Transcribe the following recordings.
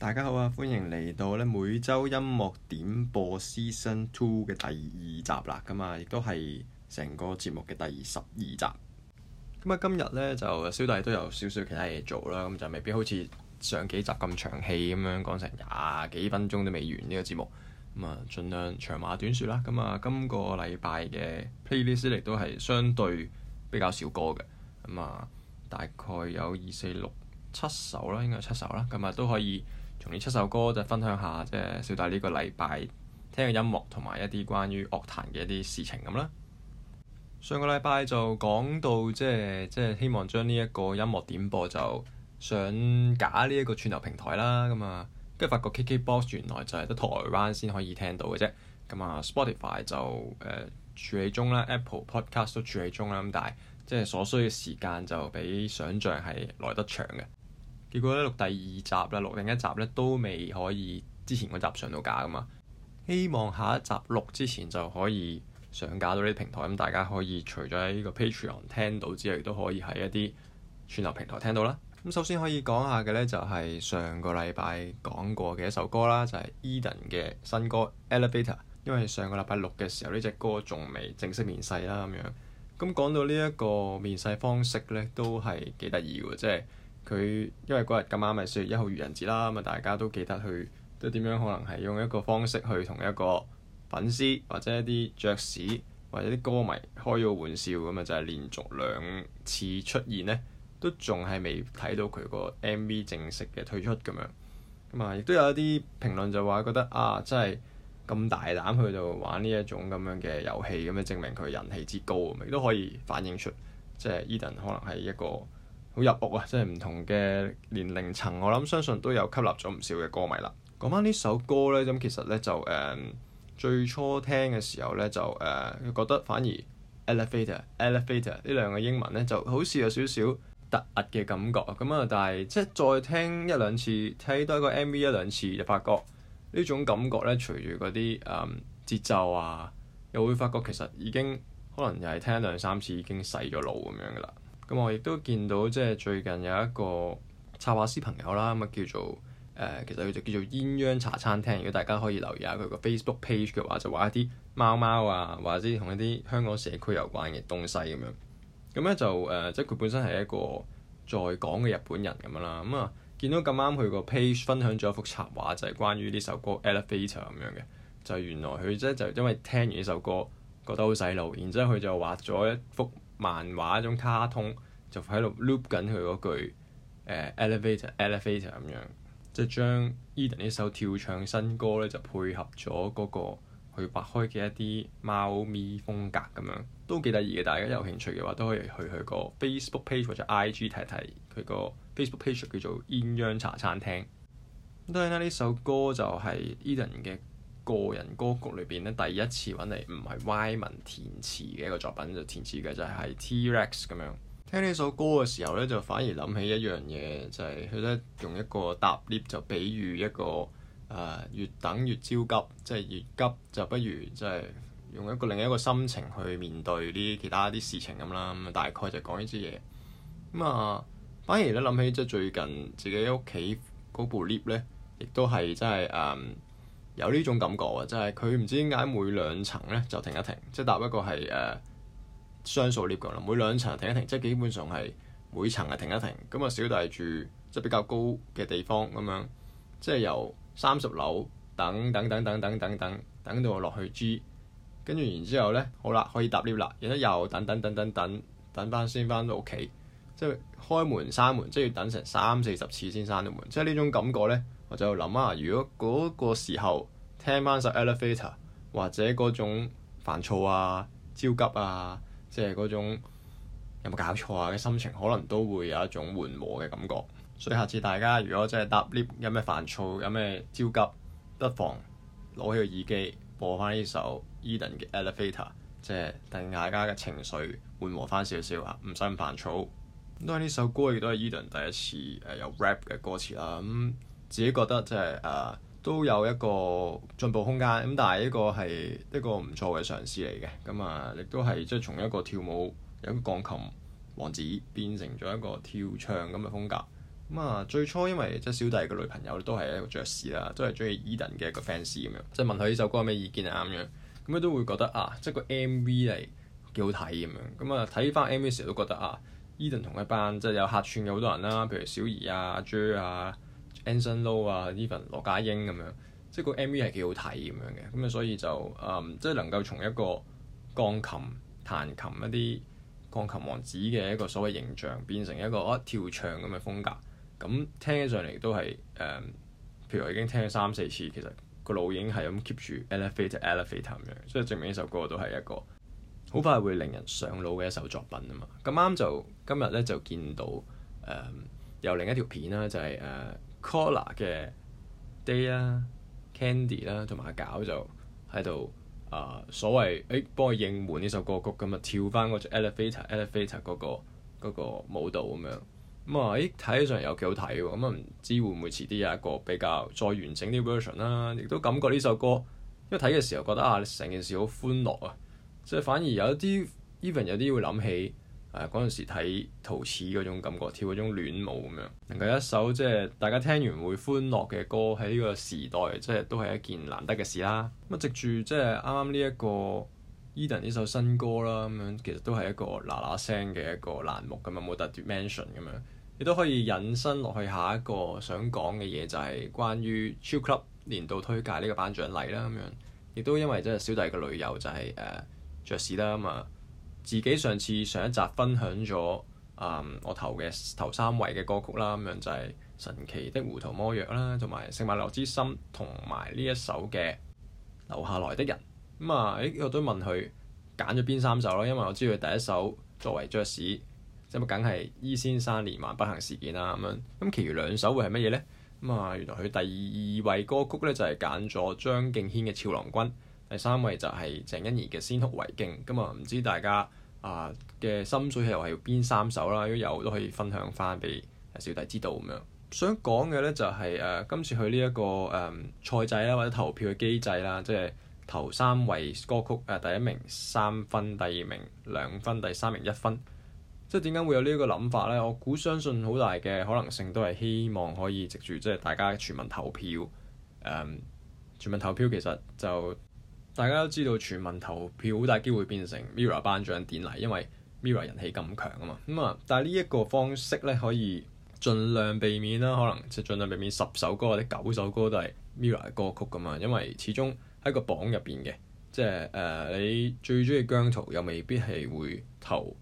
大家好啊，歡迎嚟到咧每週音樂點播 Season Two 嘅第二集啦，咁啊，亦都係成個節目嘅第十二集。咁啊，今日咧就小弟都有少少其他嘢做啦，咁就未必好似上幾集咁長氣咁樣講成廿幾分鐘都未完呢個節目。咁啊，儘量長話短説啦。咁啊，今個禮拜嘅 Playlist 亦都係相對比較少歌嘅，咁啊，大概有二四六。七首啦，應該係七首啦。咁啊都可以從呢七首歌就分享下，即係小弟呢個禮拜聽嘅音樂同埋一啲關於樂壇嘅一啲事情咁啦。上個禮拜就講到，即係即係希望將呢一個音樂點播就上架呢一個串流平台啦。咁啊，跟住發覺 KKBOX 原來就係得台灣先可以聽到嘅啫。咁啊，Spotify 就誒、呃、處理中啦，Apple Podcast 都處理中啦。咁但係即係所需嘅時間就比想像係來得長嘅。結果咧錄第二集啦，錄另一集咧都未可以之前嗰集上到架噶嘛。希望下一集錄之前就可以上架到呢啲平台，咁大家可以除咗喺呢個 Patreon 聽到之外，亦都可以喺一啲串流平台聽到啦。咁、嗯、首先可以講下嘅咧，就係、是、上個禮拜講過嘅一首歌啦，就係、是、EDAN 嘅新歌 Elevator。因為上個禮拜錄嘅時候呢隻歌仲未正式面世啦咁樣。咁、嗯、講到呢一個面世方式咧，都係幾得意喎，即、就、係、是、～佢因為嗰日咁啱咪四月一號愚人節啦，咁啊大家都記得去都點樣？可能係用一個方式去同一個粉絲或者一啲爵士或者啲歌迷開咗玩笑咁啊，就係、是、連續兩次出現呢，都仲係未睇到佢個 M.V. 正式嘅推出咁樣。咁啊，亦都有一啲評論就話覺得啊，真係咁大膽去到玩呢一種咁樣嘅遊戲咁啊，證明佢人氣之高咁啊，亦都可以反映出即係、就是、EDAN 可能係一個。好入屋啊！即係唔同嘅年齡層，我諗相信都有吸納咗唔少嘅歌迷啦。講翻呢首歌呢，咁其實呢，就誒、uh，最初聽嘅時候呢，就誒、uh，覺得反而 elevator elevator 呢兩個英文呢，就好似有少少突兀嘅感覺咁啊，但係即係再聽一兩次，睇多個 MV 一兩次，就發覺呢種感覺呢，隨住嗰啲誒節奏啊，又會發覺其實已經可能又係聽一兩三次已經洗咗腦咁樣㗎啦。咁、嗯、我亦都見到，即係最近有一個插畫師朋友啦，咁、嗯、啊叫做誒、呃，其實佢就叫做鴛鴦茶餐廳。如果大家可以留意下佢個 Facebook page 嘅話，就畫一啲貓貓啊，或者同一啲香港社區有關嘅東西咁樣。咁、嗯、咧就誒、呃，即係佢本身係一個在港嘅日本人咁樣啦。咁、嗯、啊見到咁啱佢個 page 分享咗一幅插畫，就係、是、關於呢首歌《Elevator》咁樣嘅，就係原來佢咧就因為聽完呢首歌覺得好洗腦，然之後佢就畫咗一幅。漫畫一種卡通就喺度 loop 緊佢嗰句、呃、elevator elevator 咁樣，即係將 EDAN 呢首跳唱新歌呢，就配合咗嗰個佢畫開嘅一啲貓咪風格咁樣，都幾得意嘅。大家有興趣嘅話，都可以去佢個 Facebook page 或者 IG 睇睇，佢個 Facebook page 叫做鴛鴦茶餐廳。當然啦，呢首歌就係 EDAN 嘅。個人歌曲裏邊咧，第一次揾嚟唔係歪文填詞嘅一個作品，就填詞嘅就係 T-Rex 咁樣。聽呢首歌嘅時候呢，就反而諗起一樣嘢，就係佢咧用一個搭 lift 就比喻一個誒越等越焦急，即係越急就不如即係用一個另一個心情去面對啲其他啲事情咁啦。咁大概就講呢啲嘢。咁啊，反而咧諗起即係最近自己屋企嗰部 lift 咧，亦都係真係誒。嗯有呢種感覺啊，就係佢唔知點解每兩層咧就停一停，即係搭一個係誒、呃、雙數 lift 嘅啦，每兩層停一停，即係基本上係每層係停一停。咁啊，小弟住即係、就是、比較高嘅地方咁樣，即係由三十樓等等等等等等等等,等到我落去 G，跟住然之後咧，好啦，可以搭 lift 啦，然之後又等等等等等等翻先翻到屋企，即係開門閂門,門，即係要等成三四十次先閂到門，即係呢種感覺咧。我就喺度諗啊，如果嗰個時候聽翻首《Elevator》，或者嗰種煩躁啊、焦急啊，即係嗰種有冇搞錯啊嘅心情，可能都會有一種緩和嘅感覺。所以下次大家如果真係搭 lift 有咩煩躁、有咩焦急，不妨攞起個耳機播翻呢首 Edan 嘅《Elevator》，即係等大家嘅情緒緩和翻少少啊，唔使咁煩躁。都係呢首歌，亦都係 Edan 第一次誒有 rap 嘅歌詞啦。咁、嗯、～自己覺得即係誒，都有一個進步空間咁。但係呢個係一個唔錯嘅嘗試嚟嘅咁啊，亦都係即係從一個跳舞有一個鋼琴王子變成咗一個跳唱咁嘅風格咁啊。最初因為即係小弟嘅女朋友都係一個爵士啦，都係鍾意 EDAN 嘅一個 fans、e、咁 樣，即係問佢呢首歌有咩意見啊咁樣，咁佢都會覺得啊，即係個 MV 嚟幾好睇咁樣咁啊。睇返 MV 時候都覺得啊，EDAN 同一班即係有客串嘅好多人啦，譬如小儀啊、J 啊。啊啊啊 Anson Lo 啊，even 羅家英咁樣，即係個 MV 係幾好睇咁樣嘅。咁啊，所以就嗯，即、就、係、是、能夠從一個鋼琴彈琴一啲鋼琴王子嘅一個所謂形象，變成一個、啊、跳唱咁嘅風格。咁聽起上嚟都係誒、嗯，譬如我已經聽咗三四次，其實個腦已經係咁 keep 住 elevator, elevator 咁樣，所以證明呢首歌都係一個好快會令人上腦嘅一首作品啊嘛。咁啱就今日咧就見到誒、嗯，有另一條片啦，就係、是、誒。嗯 COLLAR 嘅 Day 啦，Candy 啦，同埋阿餃就喺度啊，所謂誒，幫我應援呢首歌曲咁啊，跳翻嗰隻 Elevator，Elevator 嗰個舞蹈咁樣。咁啊誒睇起上嚟又幾好睇喎，咁啊唔知會唔會遲啲有一個比較再完整啲 version 啦。亦都感覺呢首歌，一睇嘅時候覺得啊，成件事好歡樂啊，即係反而有啲 even 有啲會諗起。誒嗰、啊、時睇陶瓷嗰種感覺，跳嗰種戀舞咁樣，能夠一首即係大家聽完會歡樂嘅歌喺呢個時代，即係都係一件難得嘅事啦。咁啊，藉住即係啱啱呢一個 EDAN 呢首新歌啦，咁樣其實都係一個嗱嗱聲嘅一個欄目，咁啊冇特別 mention 咁樣，亦都可以引申落去下一個想講嘅嘢，就係關於 Chill Club 年度推介呢個頒獎禮啦。咁樣亦都因為即係小弟嘅旅遊就係誒爵士啦，咁、呃、啊～自己上次上一集分享咗啊、嗯，我頭嘅頭三位嘅歌曲啦，咁樣就係、是、神奇的胡桃魔藥啦，同埋聖馬利諾之心，同埋呢一首嘅留下來的人。咁啊，誒、嗯、我都問佢揀咗邊三首啦，因為我知道佢第一首作為爵士，咁啊梗係伊先生連環不幸事件啦咁樣。咁其餘兩首會係乜嘢呢？咁、嗯、啊，原來佢第二位歌曲咧就係揀咗張敬軒嘅俏郎君。第三位就係鄭欣宜嘅《先哭為敬》。咁啊，唔知大家啊嘅、呃、心水又係邊三首啦？如果有都可以分享翻俾小弟知道咁樣。想講嘅呢，就係、是、誒、呃、今次去呢、這、一個誒、呃、賽制啦，或者投票嘅機制啦，即係頭三位歌曲誒、呃、第一名三分，第二名兩分，第三名一分。即係點解會有呢一個諗法呢？我估相信好大嘅可能性都係希望可以藉住即係大家全民投票、呃、全民投票其實就～大家都知道全民投票好大機會變成 MIRROR 頒獎典禮，因為 MIRROR 人氣咁強啊嘛。咁啊，但係呢一個方式咧，可以盡量避免啦、啊，可能即盡量避免十首歌或者九首歌都係 MIRROR 嘅歌曲咁嘛。因為始終喺個榜入邊嘅，即係誒、呃、你最中意姜濤又未必係會投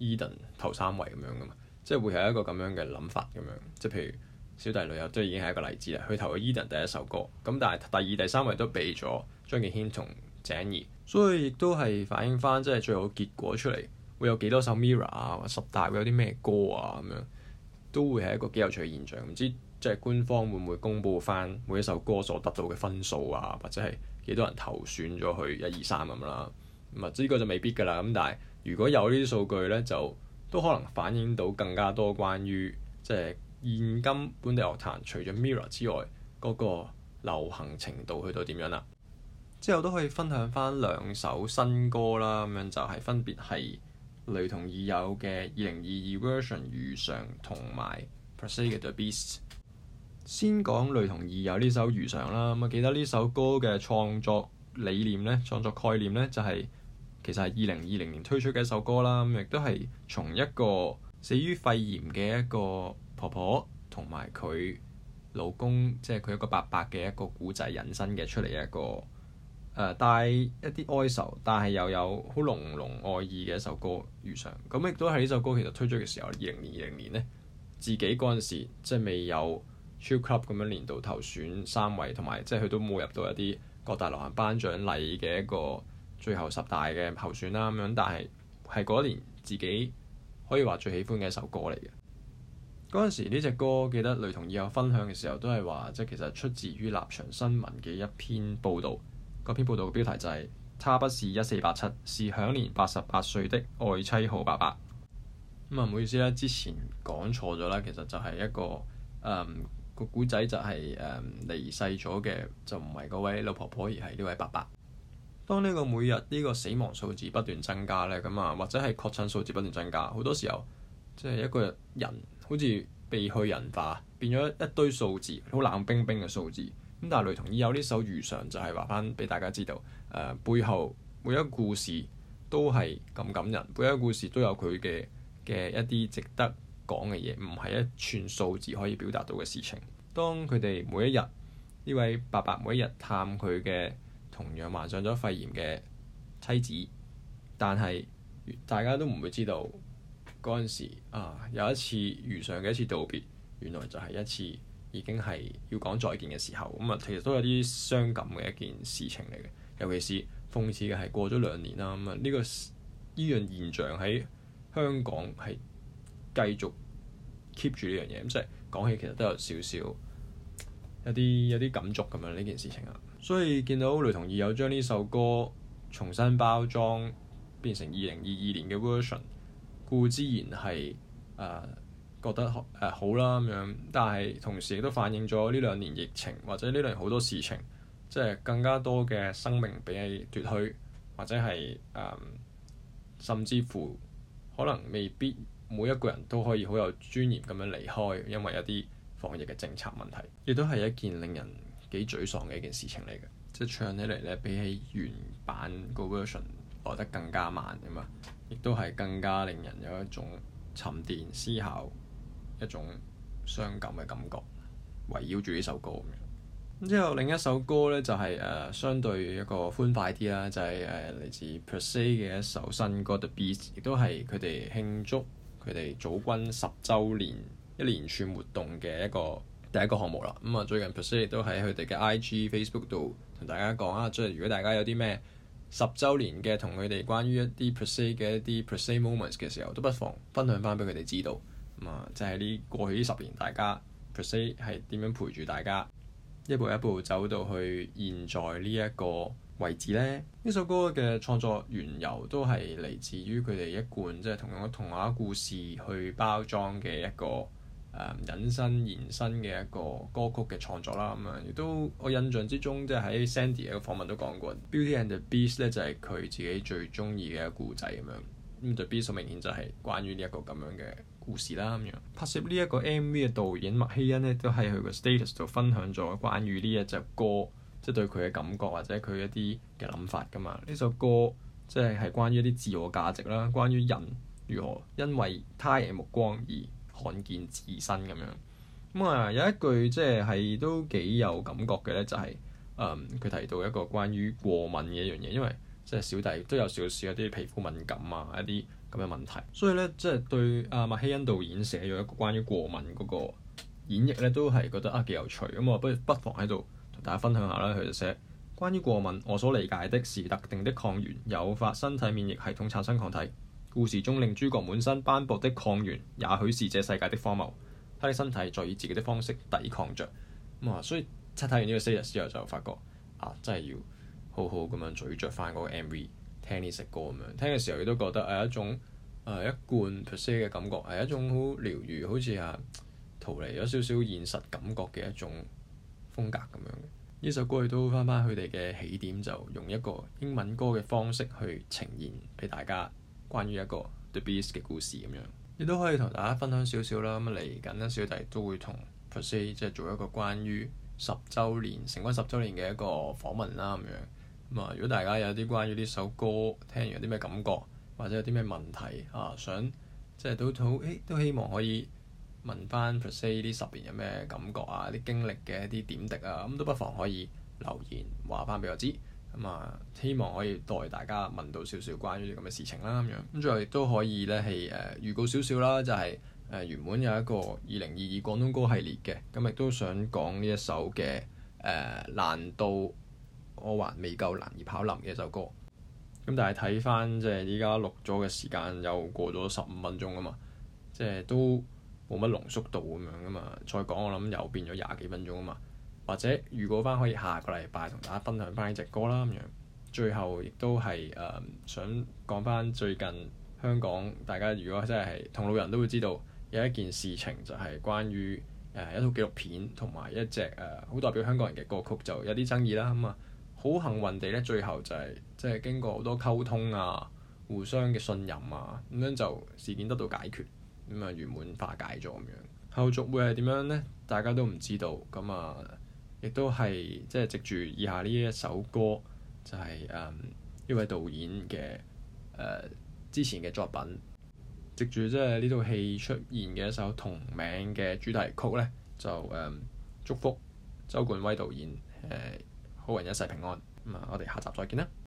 EDAN 投三位咁樣噶嘛，即係會係一個咁樣嘅諗法咁樣，即係譬如。小弟女友都已經係一個例子啦，佢投咗 EDAN 第一首歌，咁但係第二、第三位都俾咗張敬軒同鄭怡，所以亦都係反映翻，即係最後結果出嚟會有幾多首 Mirror 啊，十大有啲咩歌啊咁樣，都會係一個幾有趣嘅現象。唔知即係官方會唔會公布翻每一首歌所得到嘅分數啊，或者係幾多人投選咗去一二三咁啦。咁啊，呢、這個就未必㗎啦。咁但係如果有數呢啲數據咧，就都可能反映到更加多關於即係。就是現今本地樂壇除咗 Mirror 之外，嗰、那個流行程度去到點樣啦？之後都可以分享返兩首新歌啦。咁樣就係分別係雷同已有嘅二零二二 version《如常》同埋 per se 嘅《the beast》。先講雷同已有呢首《如常》啦。咁啊，記得呢首歌嘅創作理念咧，創作概念咧、就是，就係其實係二零二零年推出嘅一首歌啦。咁亦都係從一個死於肺炎嘅一個。婆婆同埋佢老公，即係佢一個伯伯嘅一個古仔引申嘅出嚟一個誒、呃、帶一啲哀愁，但係又有好濃濃愛意嘅一首歌遇上。咁亦都係呢首歌其實推出嘅時候，二零年二零年呢，自己嗰陣時即係未有 Chill Club 咁樣年度投選三位，同埋即係佢都冇入到一啲各大流行頒獎禮嘅一個最後十大嘅候選啦咁樣。但係，係嗰一年自己可以話最喜歡嘅一首歌嚟嘅。嗰陣時呢隻歌，記得雷同義友分享嘅時候，都係話即係其實出自於立場新聞嘅一篇報導。嗰篇報導嘅標題就係、是、他不是一四八七，是享年八十八歲的愛妻好爸爸。咁啊、嗯，唔好意思啦，之前講錯咗啦。其實就係一個誒個古仔就係誒離世咗嘅，就唔係嗰位老婆婆，而係呢位爸爸。當呢個每日呢、這個死亡數字不斷增加咧，咁啊或者係確診數字不斷增加，好多時候即係、就是、一個人。好似被去人化，變咗一堆數字，好冷冰冰嘅數字。咁但係雷同意有呢首《如常》，就係話翻俾大家知道，誒、呃、背後每一個故事都係咁感人，每一個故事都有佢嘅嘅一啲值得講嘅嘢，唔係一串數字可以表達到嘅事情。當佢哋每一日，呢位伯伯每一日探佢嘅同樣患上咗肺炎嘅妻子，但係大家都唔會知道。嗰陣時啊，有一次遇上嘅一次道別，原來就係一次已經係要講再見嘅時候，咁、嗯、啊，其實都有啲傷感嘅一件事情嚟嘅。尤其是諷刺嘅係過咗兩年啦，咁啊呢個依樣現象喺香港係繼續 keep 住呢樣嘢，咁、嗯、即係講起其實都有少少有啲有啲感觸咁樣呢件事情啊。所以見到雷同義有將呢首歌重新包裝，變成二零二二年嘅 version。故之然係誒、呃、覺得誒好、呃、好啦咁樣，但係同時亦都反映咗呢兩年疫情或者呢兩年好多事情，即係更加多嘅生命俾你奪去，或者係誒、呃、甚至乎可能未必每一個人都可以好有尊嚴咁樣離開，因為一啲防疫嘅政策問題，亦都係一件令人幾沮喪嘅一件事情嚟嘅。即係唱起嚟咧，比起原版個 version 來得更加慢啊嘛～亦都係更加令人有一種沉澱思考、一種傷感嘅感覺，圍繞住呢首歌咁樣。咁之後另一首歌咧就係、是、誒、呃、相對一個歡快啲啦，就係誒嚟自 per se 嘅一首新歌 the beast 亦都係佢哋慶祝佢哋組軍十週年一連串活動嘅一個第一個項目啦。咁、嗯、啊最近 per se 亦都喺佢哋嘅 IG、Facebook 度同大家講啊，即係如果大家有啲咩。十周年嘅同佢哋關於一啲 per se 嘅一啲 per se moments 嘅時候，都不妨分享翻俾佢哋知道。啊、嗯，就係、是、呢過去呢十年，大家 per se 係點樣陪住大家，一步一步走到去現在呢一個位置呢？呢 首歌嘅創作緣由都係嚟自於佢哋一貫即係用個童話故事去包裝嘅一個。引申延伸嘅一個歌曲嘅創作啦，咁樣亦都我印象之中，即係喺 Sandy 嘅一個訪問都講過 Beauty and the Beast 咧，就係佢自己最中意嘅一個故仔咁樣。咁就 the beast 明顯就係關於呢一個咁樣嘅故事啦，咁樣拍攝呢一個 MV 嘅導演麥希恩呢，都喺佢嘅 status 度分享咗關於呢一隻歌，即係對佢嘅感覺或者佢一啲嘅諗法㗎嘛。呢首歌即係係關於一啲自我價值啦，關於人如何因為他人目光而罕見自身咁樣咁啊、嗯，有一句即係係都幾有感覺嘅咧，就係誒佢提到一個關於過敏嘅一樣嘢，因為即係小弟都有少少一啲皮膚敏感啊，一啲咁嘅問題，所以咧即係對阿麥、啊、希恩導演寫咗一個關於過敏嗰個演繹咧，都係覺得啊幾有趣咁啊、嗯，不如不妨喺度同大家分享下啦。佢就寫關於過敏，我所理解的是特定的抗原誘發身體免疫系統產生抗體。故事中令諸葛滿身斑薄的抗原，也許是這世界的荒謬。他的身體在以自己的方式抵抗着。咁啊，所以睇完呢個 series 之後就發覺啊，真係要好好咁樣咀嚼翻嗰個 M.V. 聽呢首歌咁樣聽嘅時候，亦都覺得係一種誒、呃、一貫 per se 嘅感覺，係一種好療愈，好似係、啊、逃離咗少少現實感覺嘅一種風格咁樣。呢首歌亦都翻翻佢哋嘅起點，就用一個英文歌嘅方式去呈現俾大家。關於一個 The Beast 嘅故事咁樣，亦都可以同大家分享少少啦。咁嚟緊咧，小弟都會同 per se 即係做一個關於十週年，成軍十週年嘅一個訪問啦咁樣。咁啊，如果大家有啲關於呢首歌聽完有啲咩感覺，或者有啲咩問題啊，想即係都好，都希望可以問翻 per se 呢十年有咩感覺啊，啲經歷嘅一啲點滴啊，咁都不妨可以留言話翻俾我知。咁啊、嗯，希望可以代大家問到少少關於啲咁嘅事情啦，咁樣咁最後亦都可以咧係誒預告少少啦，就係、是、誒、呃、原本有一個二零二二廣東歌系列嘅，咁亦都想講呢一首嘅誒、呃、難道，我還未夠難以跑驗嘅一首歌。咁、嗯、但係睇翻即係依家錄咗嘅時間又過咗十五分鐘啊嘛，即係都冇乜濃縮度咁樣啊嘛，再講我諗又變咗廿幾分鐘啊嘛。或者預告翻可以下個禮拜同大家分享翻呢隻歌啦。咁樣最後亦都係誒想講翻最近香港大家如果真係同路人都會知道有一件事情就係關於誒、呃、一套紀錄片同埋一隻誒好代表香港人嘅歌曲就有啲爭議啦。咁啊，好幸運地咧，最後就係即係經過好多溝通啊、互相嘅信任啊，咁樣就事件得到解決，咁啊圓滿化解咗咁樣。後續會係點樣呢？大家都唔知道咁啊。亦都係即係藉住以下呢一首歌，就係誒呢位導演嘅誒、呃、之前嘅作品，藉住即係呢套戲出現嘅一首同名嘅主題曲咧，就誒、嗯、祝福周冠威導演誒、呃、好人一世平安。咁、嗯、啊，我哋下集再見啦！